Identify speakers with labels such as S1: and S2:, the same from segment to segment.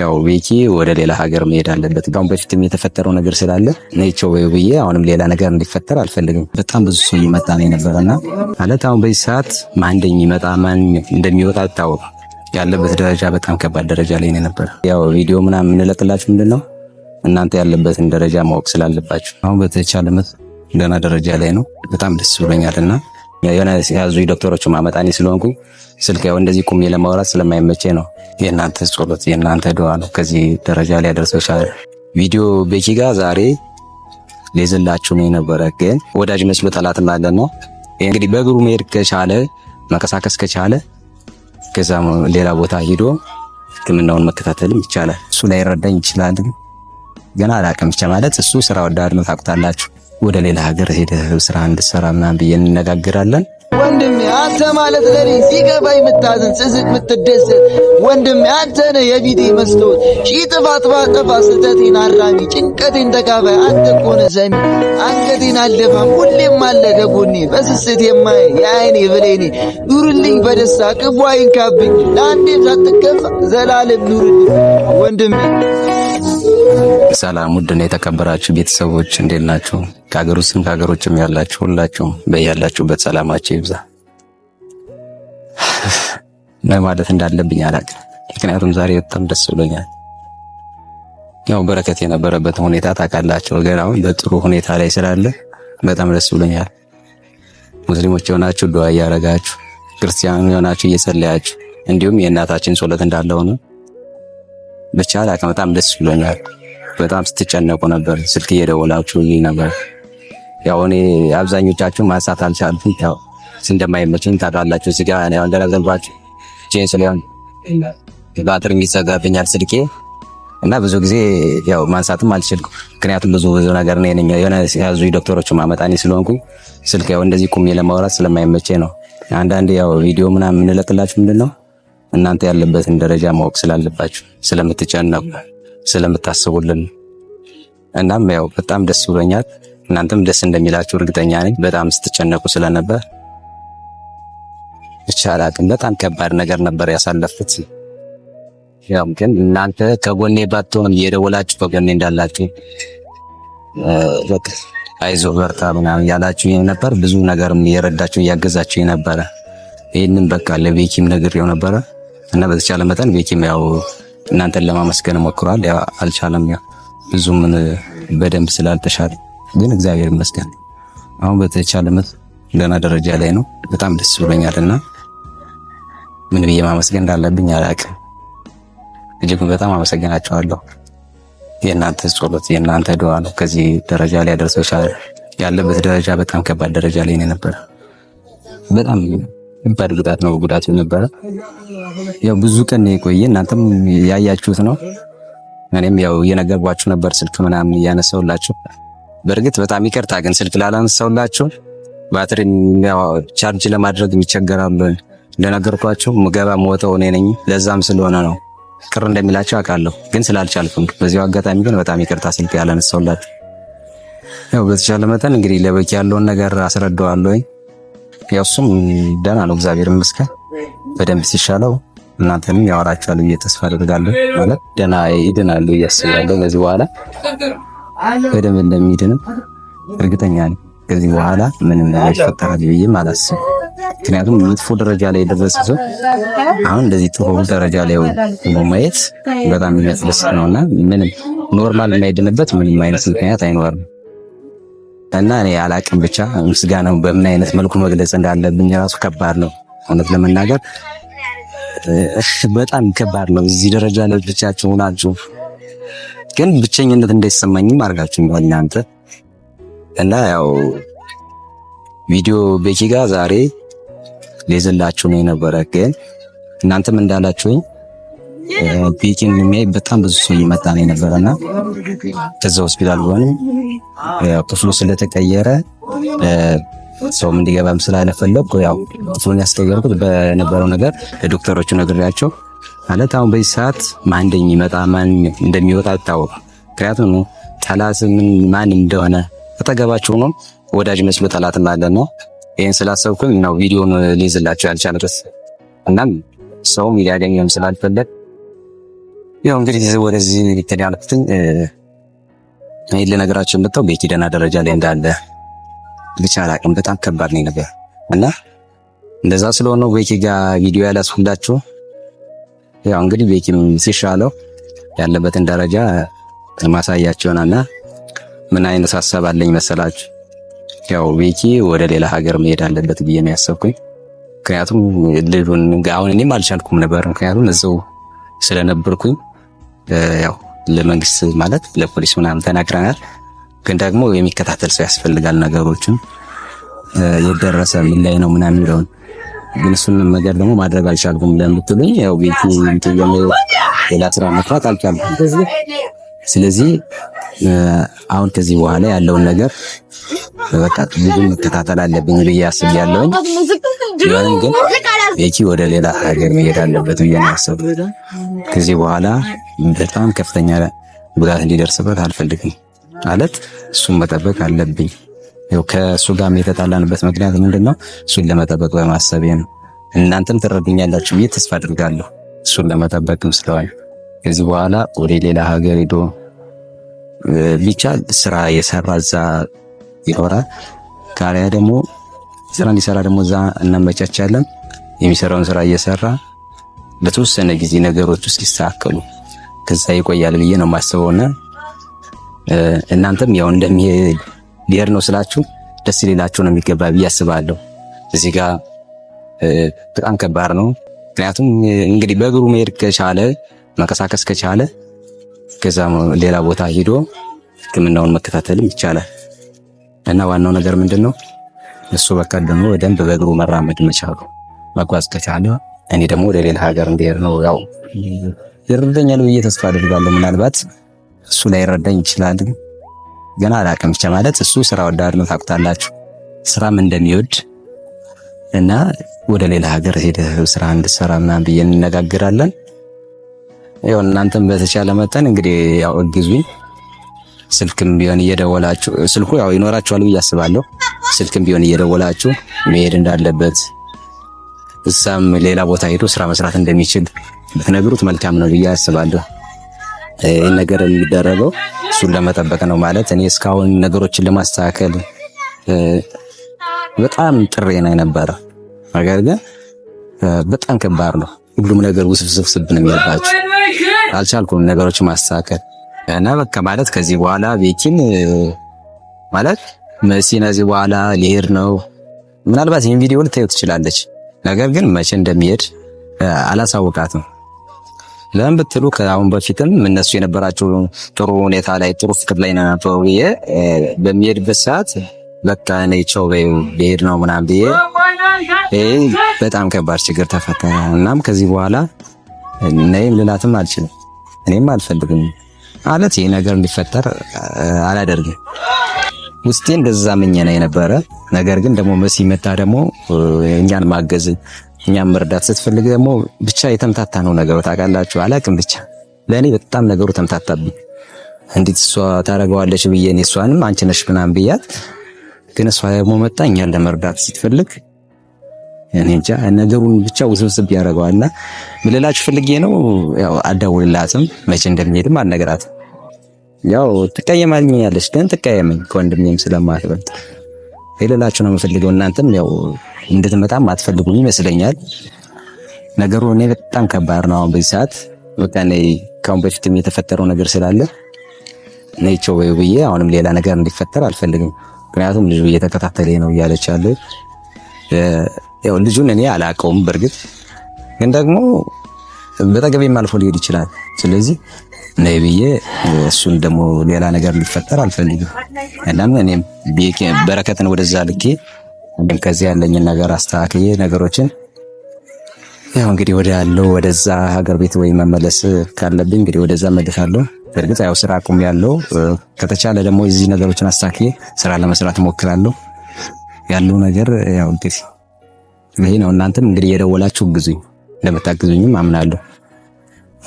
S1: ያው ቤኪ ወደ ሌላ ሀገር መሄድ አለበት። ጋሁን በፊትም የተፈጠረው ነገር ስላለ ነይቸው ወይ ብዬ አሁንም ሌላ ነገር እንዲፈጠር አልፈልግም። በጣም ብዙ ሰው እየመጣ ነው የነበረና ማለት አሁን በዚህ ሰዓት ማን እንደሚመጣ ማን እንደሚወጣ አልታወቅም። ያለበት ደረጃ በጣም ከባድ ደረጃ ላይ ነበር። ያው ቪዲዮ ምናምን የምንለቅላችሁ ምንድን ነው እናንተ ያለበትን ደረጃ ማወቅ ስላለባችሁ አሁን በተቻለ ደህና ደረጃ ላይ ነው። በጣም ደስ ብሎኛል እና የሆነ ያዙ ዶክተሮች ማመጣኒ ስለሆንኩ ስልክ ያው እንደዚህ ቁሜ ለማውራት ስለማይመቼ ነው። የእናንተ ጸሎት የእናንተ ዱዓ ነው ከዚህ ደረጃ ላይ ያደርሰሻል። ቪዲዮ ቤኪ ጋር ዛሬ ሌዝላችሁ ነው የነበረ ግን ወዳጅ መስሎ ጠላት እናለን እንግዲህ በእግሩ መሄድ ከቻለ መንቀሳቀስ ከቻለ ከዛ ሌላ ቦታ ሂዶ ሕክምናውን መከታተልም ይቻላል። እሱ ላይ ረዳኝ ይችላል። ግን ገና አላቅም ብቻ ማለት እሱ ስራ ወዳድ ነው ታውቁታላችሁ። ወደ ሌላ ሀገር ሄደህ ስራ እንድትሰራ ምናምን ብዬ እንነጋግራለን።
S2: ወንድሜ አንተ ማለት ለኔ ሲገባ የምታዝን ስስቅ የምትደሰት ወንድሜ አንተ ነህ የፊቴ መስታወት ሺህ ጥፋት ባጠፋ ስህተቴን አራሚ ጭንቀቴን ተካፋይ አንተ እኮ ነህ ሰሚ አንገቴን አልደፋም ሁሌም አለ ከጎኔ በስስት የማይ የአይኔ ብሌኔ ኑርልኝ በደስታ ክፉ አይንካብኝ ለአንዴ ሳትከፋ ዘላለም ኑርልኝ ወንድሜ
S1: ሰላም ውድና የተከበራችሁ ቤተሰቦች እንዴት ናችሁ? ከሀገር ውስጥም ውጭም ያላችሁ ሁላችሁም በያላችሁበት ሰላማችሁ ይብዛ። ማለት እንዳለብኝ አላውቅም፣ ምክንያቱም ዛሬ በጣም ደስ ብሎኛል። ያው በረከት የነበረበት ሁኔታ ታውቃላችሁ፣ ገና አሁን በጥሩ ሁኔታ ላይ ስላለ በጣም ደስ ብሎኛል። ሙስሊሞች የሆናችሁ ዱዓ እያረጋችሁ፣ ክርስቲያኑ የሆናችሁ እየጸለያችሁ፣ እንዲሁም የእናታችን ጸሎት እንዳለ ሆኖ ብቻ አላውቅም፣ በጣም ደስ ብሎኛል። በጣም ስትጨነቁ ነበር። ስልክ እየደወላችሁ ነበር። ያው እኔ አብዛኞቻችሁ ማንሳት አልቻልኩም። ያው እንደማይመችኝ ታውቃላችሁ። ስጋ ያው እንደነገርኳችሁ ቼን ስለሆን ባትሪ ይዘጋብኛል ስልኬ እና ብዙ ጊዜ ያው ማንሳትም አልችልኩም። ምክንያቱም ብዙ ብዙ ነገር ነው የነኛ የሆነ ያዙ ዶክተሮች ማመጣኔ ስለሆንኩ ስልክ ያው እንደዚህ ቁሜ ለማውራት ስለማይመቼ ነው። አንዳንድ ያው ቪዲዮ ምናምን የምንለቅላችሁ ምንድን ነው እናንተ ያለበትን ደረጃ ማወቅ ስላለባችሁ ስለምትጨነቁ ስለምታስቡልን እናም ያው በጣም ደስ ብሎኛል። እናንተም ደስ እንደሚላችሁ እርግጠኛ ነኝ። በጣም ስትጨነቁ ስለነበር ይቻላል። በጣም ከባድ ነገር ነበር ያሳለፍኩት። ያው ግን እናንተ ከጎኔ ባትሆን የደወላችሁ ከጎኔ እንዳላችሁ በቃ አይዞ በርታ ምናምን ያላችሁ ነበር። ብዙ ነገርም እየረዳችሁ እያገዛችሁ ነበረ። ይህንም በቃ ለቤኪም ነግሬው ነበረ እና በተቻለ መጠን ቤኪም ያው እናንተን ለማመስገን ሞክሯል። ያ አልቻለም። ያ ብዙም በደንብ ስላልተሻለ ግን እግዚአብሔር ይመስገን አሁን በተቻለመት ገና ደረጃ ላይ ነው። በጣም ደስ ብሎኛልና ምን ብዬ ማመስገን እንዳለብኝ አላቅም። እጅግ በጣም አመሰግናቸዋለሁ። የእናንተ ጸሎት፣ የእናንተ ዱዓ ነው ከዚህ ደረጃ ላይ ያደርሰው። ያለበት ደረጃ በጣም ከባድ ደረጃ ላይ ነበር። በጣም ከባድ ጉዳት ነው። ጉዳት የነበረ ያው ብዙ ቀን የቆየ እናንተም ያያችሁት ነው። እኔም ያው እየነገርኳችሁ ነበር ስልክ ምናምን እያነሳሁላችሁ። በእርግጥ በጣም ይቅርታ ግን ስልክ ላላነሳሁላችሁ ባትሪ ቻርጅ ለማድረግ የሚቸገራሉ እንደነገርኳቸው ምገባ ሞተው እኔ ነኝ። ለዛም ስለሆነ ነው ቅር እንደሚላቸው አውቃለሁ፣ ግን ስላልቻልኩም በዚሁ አጋጣሚ ግን በጣም ይቅርታ ስልክ ያላነሳሁላችሁ። ያው በተቻለ መጠን እንግዲህ ለበቂ ያለውን ነገር አስረዳዋለሁ። ያው እሱም ደህና ነው፣ እግዚአብሔር ይመስገን። በደንብ ሲሻለው እናንተንም ያወራችኋል ብዬ ተስፋ አደርጋለሁ። ማለት ደህና ይድናል ብዬ ከዚህ በኋላ በደንብ እንደሚድንም እርግጠኛ ነኝ። ከዚህ በኋላ ምንም ነገር ይፈጠራል ብዬም አላስብም። ምክንያቱም መጥፎ ደረጃ ላይ የደረሰ ሰው አሁን እንደዚህ ጥሩ ደረጃ ላይ ማየት በጣም የሚያስደስት ነውና ምንም ኖርማል የማይድንበት ምንም አይነት ምክንያት አይኖርም። እና እኔ አላቅም ብቻ ምስጋናው በምን አይነት መልኩ መግለጽ እንዳለብኝ ራሱ ከባድ ነው። እውነት ለመናገር በጣም ከባድ ነው። እዚህ ደረጃ ላይ ብቻችሁ ሆናችሁ ግን ብቸኝነት እንዳይሰማኝም አድርጋችሁ እናንተ እና ያው ቪዲዮ ቤኪ ጋር ዛሬ ሌዝላችሁ ነው የነበረ ግን እናንተም እንዳላችሁኝ ፒኪን የሚያይ በጣም ብዙ ሰው እየመጣ ነው የነበረ እና ከዛ ሆስፒታል ቢሆንም ክፍሉ ስለተቀየረ ሰውም እንዲገባም ስላለፈለኩ ያው ክፍሉን ያስቀየርኩት በነበረው ነገር ለዶክተሮቹ ነግሬያቸው ማለት አሁን በዚህ ሰዓት ማን እንደሚመጣ ማን እንደሚወጣ አይታወቅም። ምክንያቱም ጠላት ማን እንደሆነ አጠገባቸው ነው ወዳጅ መስሎ ጠላትም ነው። ይህን ስላሰብኩኝ ነው ቪዲዮን ሊይዝላቸው ያልቻልኩት እናም ሰውም ሊያገኘም ስላልፈለግ ያው እንግዲህ ወደዚህ ንግግር ያለፍትን ይህን ለነገራችን ብታው ቤት ደህና ደረጃ ላይ እንዳለ ብቻ አላቅም። በጣም ከባድ ነው ነገር እና እንደዛ ስለሆነው ቤኪ ጋር ቪዲዮ ያላስሁላችሁ። ያው እንግዲህ ቤኪም ሲሻለው ያለበትን ደረጃ ማሳያችሁናና ምን አይነት ሀሳብ አለኝ መሰላችሁ? ያው ቤኪ ወደ ሌላ ሀገር መሄድ አለበት ብዬ ነው ያሰብኩኝ። ምክንያቱም ልጁን አሁን እኔም አልቻልኩም ነበር፣ ምክንያቱም እዛው ስለነበርኩኝ ያው ለመንግስት ማለት ለፖሊስ ምናምን ተናግረናል። ግን ደግሞ የሚከታተል ሰው ያስፈልጋል። ነገሮችን የደረሰ ምን ላይ ነው ምናምን የሚለውን ግን እሱን ነገር ደግሞ ማድረግ አልቻልኩም ለምትሉኝ ያው ቤት ሌላ ስራ መስራት አልቻልኩም። ስለዚህ አሁን ከዚህ በኋላ ያለውን ነገር በቃ ብዙ መከታተል አለብኝ ብዬ አስቤያለሁኝ። ቢሆንም ግን ቤኪ ወደ ሌላ ሀገር መሄድ አለበት ብዬ ነው ያሰብኩት ከዚህ በኋላ በጣም ከፍተኛ ጉዳት እንዲደርስበት አልፈልግም። ማለት እሱን መጠበቅ አለብኝ። ያው ከእሱ ጋርም የተጣላንበት ምክንያት ምንድን ነው? እሱን ለመጠበቅ በማሰቤ ነው። እናንተም ትረዱኛላችሁ ብዬ ተስፋ አድርጋለሁ። እሱን ለመጠበቅም ስለዋል ከዚህ በኋላ ወደ ሌላ ሀገር ሄዶ ቢቻል ስራ የሰራ እዛ ይኖራል። ካሪያ ደግሞ ስራ እንዲሰራ ደግሞ እዛ እናመቻቻለን። የሚሰራውን ስራ እየሰራ ለተወሰነ ጊዜ ነገሮች ውስጥ ይስተካከሉ ከዛ ይቆያል ብዬ ነው የማስበው እናንተም ያው እንደሚሄድ ሊሄድ ነው ስላችሁ ደስ ሌላችሁ ነው የሚገባ ብዬ አስባለሁ። እዚህ ጋር በጣም ከባድ ነው። ምክንያቱም እንግዲህ በእግሩ መሄድ ከቻለ መንቀሳቀስ ከቻለ ከዛ ሌላ ቦታ ሂዶ ሕክምናውን መከታተልም ይቻላል እና ዋናው ነገር ምንድን ነው እሱ በቃ ደግሞ በደንብ በእግሩ መራመድ መቻሉ መጓዝ ከቻለ እኔ ደግሞ ወደ ሌላ ሀገር እንዲሄድ ነው ያው ይረዳኛል ብዬ ተስፋ አድርጋለሁ። ምናልባት እሱ ላይ ረዳኝ ይችላል፣ ገና አላውቅም። ብቻ ማለት እሱ ስራ ወዳድ ነው፣ ታውቁታላችሁ፣ ስራም እንደሚወድ እና ወደ ሌላ ሀገር ሄደ ስራ እንድሰራ ምናምን ብዬ እንነጋግራለን። ያው እናንተም በተቻለ መጠን እንግዲህ ያው እግዙኝ። ስልክም ቢሆን እየደወላችሁ ስልኩ ያው ይኖራችኋል ብዬ አስባለሁ። ስልክም ቢሆን እየደወላችሁ መሄድ እንዳለበት እሳም ሌላ ቦታ ሄዶ ስራ መስራት እንደሚችል ብትነግሩት መልካም ነው ብዬ አስባለሁ። ይህ ነገር የሚደረገው እሱን ለመጠበቅ ነው ማለት እኔ እስካሁን ነገሮችን ለማስተካከል በጣም ጥሬ ነው የነበረ። ነገር ግን በጣም ከባድ ነው። ሁሉም ነገር ውስብስብስብ ነው የሚልባቸው። አልቻልኩም ነገሮችን ማስተካከል እና በቃ ማለት ከዚህ በኋላ ቤኪን ማለት መሲ ነዚህ በኋላ ሊሄድ ነው። ምናልባት ይህን ቪዲዮ ልታዩ ትችላለች። ነገር ግን መቼ እንደሚሄድ አላሳወቃትም። ለምን ብትሉ ከአሁን በፊትም እነሱ የነበራቸው ጥሩ ሁኔታ ላይ ጥሩ ፍቅር ላይ ነበር ብዬ በሚሄድበት ሰዓት በቃ እኔ ቸው ሊሄድ ነው ምናምን ብዬ በጣም ከባድ ችግር ተፈታ። እናም ከዚህ በኋላ እኔም ልላትም አልችልም፣ እኔም አልፈልግም ማለት ይህ ነገር እንዲፈጠር አላደርግም። ውስጤ እንደዛ ምኝ ነው የነበረ። ነገር ግን ደግሞ መሲ መጣ ደግሞ እኛን ማገዝ እኛ መርዳት ስትፈልግ ደግሞ ብቻ የተምታታ ነው ነገሩ። ታውቃላችሁ፣ አላቅም ብቻ ለእኔ በጣም ነገሩ ተምታታብኝ። እንዴት እሷ ታደርገዋለች ብዬ እኔ እሷንም አንቺ ነሽ ምናምን ብያት፣ ግን እሷ ደግሞ መጣ እኛን ለመርዳት ስትፈልግ እኔ እንጃ ነገሩን ብቻ ውስብስብ ያደርገዋልና ምን ፈልጌ ነው ያው አዳውልላትም መቼ እንደሚሄድም አልነግራትም ያው ትቀየማኛለች፣ ግን ትቀየመኝ ከወንድሜም ስለማትበልጥ ይልላችሁ ነው የምፈልገው። እናንተም ያው እንድትመጣም አትፈልጉም ይመስለኛል። ነገሩ እኔ በጣም ከባድ ነው አሁን በዚህ ሰዓት። በቃ እኔ ካሁን በፊትም የተፈጠረው ነገር ስላለ ነይቸው ወይ ብዬ አሁንም ሌላ ነገር እንዲፈጠር አልፈልግም። ምክንያቱም ልጁ እየተከታተለ ነው እያለች ያለ ያው ልጁን እኔ አላውቀውም። በእርግጥ ግን ደግሞ በጠገቤም አልፎ ሊሄድ ይችላል። ስለዚህ ነይ ብዬ እሱን ደግሞ ሌላ ነገር ሊፈጠር አልፈልግም። እናም እኔም በረከትን ወደዛ ልኬ ከዚህ ያለኝን ነገር አስተካክዬ ነገሮችን ያው እንግዲህ ወደ ያለው ወደዛ ሀገር ቤት ወይ መመለስ ካለብኝ እንግዲህ ወደዛ መለሳለሁ። በእርግጥ ያው ስራ አቁም ያለው ከተቻለ ደግሞ እዚህ ነገሮችን አስተካክዬ ስራ ለመስራት እሞክራለሁ። ያለው ነገር ያው እንግዲህ ይሄ ነው። እናንተም እንግዲህ የደወላችሁ ግዙኝ እንደምታግዙኝም አምናለሁ።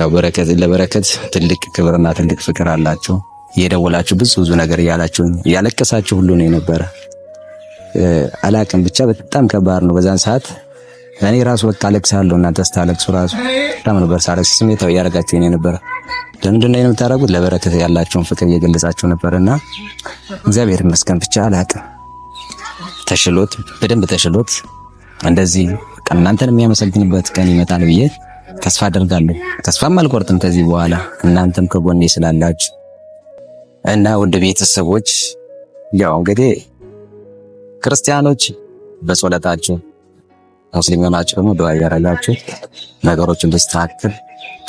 S1: ያው በረከት ለበረከት ትልቅ ክብርና ትልቅ ፍቅር አላቸው። የደወላችሁ ብዙ ብዙ ነገር እያላችሁ እያለቀሳችሁ ሁሉ ነው የነበረ። አላቅም ብቻ በጣም ከባድ ነው በዛን ሰዓት እኔ ራሱ በቃ አለቅሳለሁ። እናንተ ስታለቅሱ ራሱ በጣም ነበር ሳለቅስ ስሜታዊ እያደረጋችሁ ነው የነበረ። ለምንድን ነው የምታደርጉት? ለበረከት ያላቸውን ፍቅር እየገለጻችሁ ነበርና እግዚአብሔር ይመስገን ብቻ አላቅም። ተሽሎት በደንብ ተሽሎት እንደዚህ እናንተን የሚያመሰግንበት ቀን ይመጣል ብዬ ተስፋ አደርጋለሁ። ተስፋም አልቆርጥም ከዚህ በኋላ እናንተም ከጎኔ ስላላችሁ እና ውድ ቤተሰቦች ያው እንግዲህ ክርስቲያኖች በጸሎታችሁ ሙስሊም የሆናችሁ ደግሞ ዱዓ እያደረጋችሁ ነገሮችን በስተካከል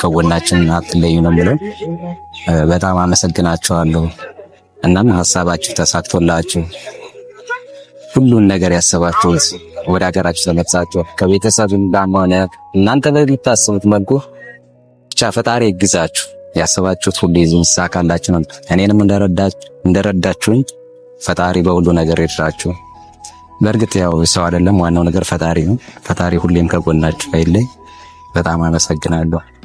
S1: ከጎናችን አትለዩ ነው የምለው። በጣም አመሰግናችኋለሁ። እናም ሀሳባችሁ ተሳክቶላችሁ ሁሉን ነገር ያሰባችሁት ወደ ሀገራችሁ ተመልሳችሁ ከቤተሰብ እንዳማነ እናንተ በምታስቡት መልኩ ብቻ ፈጣሪ ይግዛችሁ። ያሰባችሁት ሁሉ ይዙ ይሳካላችሁ ነው። እኔንም እንደረዳችሁኝ ፈጣሪ በሁሉ ነገር ይድራችሁ። በእርግጥ ያው ሰው አይደለም ዋናው ነገር ፈጣሪ ነው። ፈጣሪ ሁሌም ከጎናችሁ አይለይ። በጣም አመሰግናለሁ።